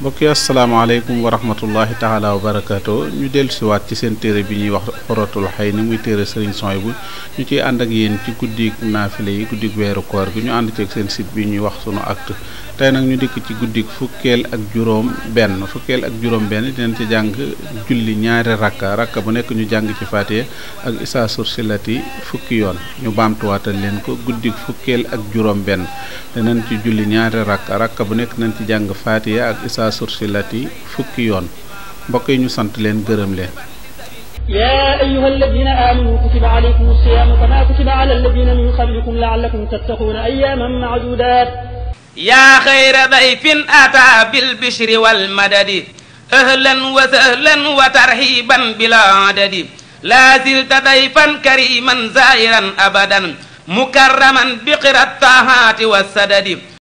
mbokk yi asalaamaaleykum wa rahmatullahi taala wa barakaatu ñu dellusiwaat ci seen téere bi ñuy wax xoratul xëy ni muy téere sëriñ sooy bu ñu ciy ànd ak yéen ci guddig naafile yi guddig weeru koor gi ñu ànd ceeg seen site bi ñuy wax sunu acte tey nag ñu dikk ci guddik fukkeel ak juróom benn fukkeel ak juróom benn dinañ ci jàng julli ñaari rakka rakka bu nekk ñu jàng ci fatiha ak isaa sursilati fukki yoon ñu baamtuwaatal leen ko guddik fukkeel ak juróom benn ci julli ñaari rakka bu nekk nañ ci jàng fatiha ak ila sursilati fukki yoon mbokk yi ñu sant leen gërëm leen يا أيها الذين آمنوا كتب عليكم الصيام كما كتب على الذين من قبلكم لعلكم تتقون أياما معدودات يا خير ضيف أتى بالبشر والمدد أهلا وسهلا وترحيبا بلا عدد لا زلت ضيفا كريما زائرا أبدا مكرما بقرى الطاعات والسدد